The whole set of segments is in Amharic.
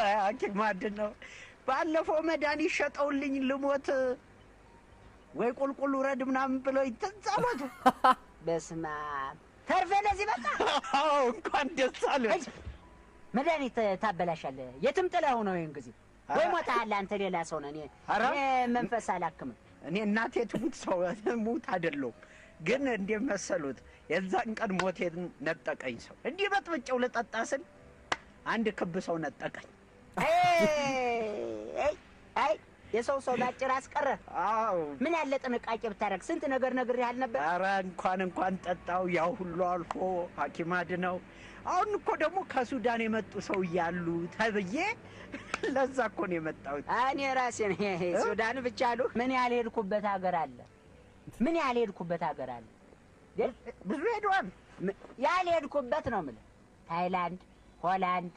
ሐኪም ማዕድን ነው። ባለፈው መድኃኒት ሸጠውልኝ ልሞት ወይ ቁልቁል ውረድ ምናምን ብለው ይተጻሞቱ። በስመ አብ ተርፌ ለዚህ በቃ። አዎ እንኳን ደስ አለህ። መድኃኒት ታበላሻለህ። የትም ጥለህ ነው ይህን ጊዜ ወይ ሞተሃል። አንተ ሌላ ሰው ነህ። እኔ መንፈስ አላክምም። እኔ እናቴ ትሙት ሰው ሙት አይደለሁም። ግን እንዴት መሰሉት የዛን ቀን ሞቴን ነጠቀኝ ሰው እንዲህ በጥብጬው ልጠጣ ስል አንድ ክብ ሰው ነጠቀኝ። የሰው ሰው ባጭር አስቀረ። አዎ ምን ያለ ጥንቃቄ ብታደርግ። ስንት ነገር ነግር ያህል ነበር። አረ እንኳን እንኳን ጠጣው ያው ሁሉ አልፎ ሐኪም አድነው። አሁን እኮ ደግሞ ከሱዳን የመጡ ሰው እያሉ ተብዬ ለዛ እኮ ነው የመጣሁት። እኔ ራሴ ሱዳን ብቻ አሉ። ምን ያህል ሄድኩበት ሀገር አለ። ምን ያህል ሄድኩበት ሀገር አለ። ብዙ ሄደዋል። ያህል ሄድኩበት ነው የምልህ። ታይላንድ፣ ሆላንድ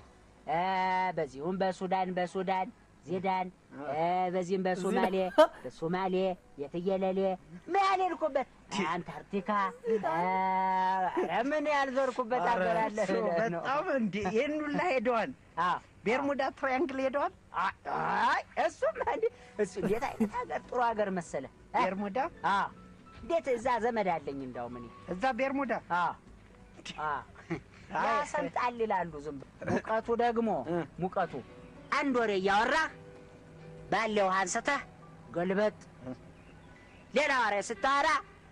በዚሁም በሱዳን በሱዳን ዚዳን በዚህም በሶማሌ በሶማሌ የትየለሌ ምን ልኩበት አንታርክቲካ ምን ያልዘርኩበት አገር አለ። በጣም እንዲ ይህን ሁላ ሄደዋል። ቤርሙዳ ትራያንግል ሄደዋል። እሱም እሱ እንዴት አይነት ሀገር ጥሩ ሀገር መሰለ ቤርሙዳ። እንዴት እዛ ዘመድ አለኝ። እንዳውም እኔ እዛ ቤርሙዳ ያሰምጣል ዝም ሙቀቱ ደግሞ ሙቀቱ አንድ ወሬ እያወራህ ባለው አንስተህ ገልበጥ፣ ሌላ ወሬ ስታወራ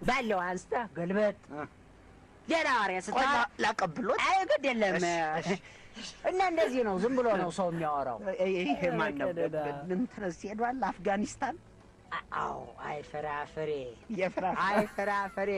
ባለው አንስተህ ገልበጥ፣ ሌላ ወሬ ስታወራ ላቀብሎት። አይ ግድ የለም እና እንደዚህ ነው። ዝም ብሎ ነው ሰው የሚያወራው። ይሄ ማን ነው? እንትን ሄዷል አፍጋኒስታን። አዎ አይ ፍራፍሬ፣ አይ ፍራፍሬ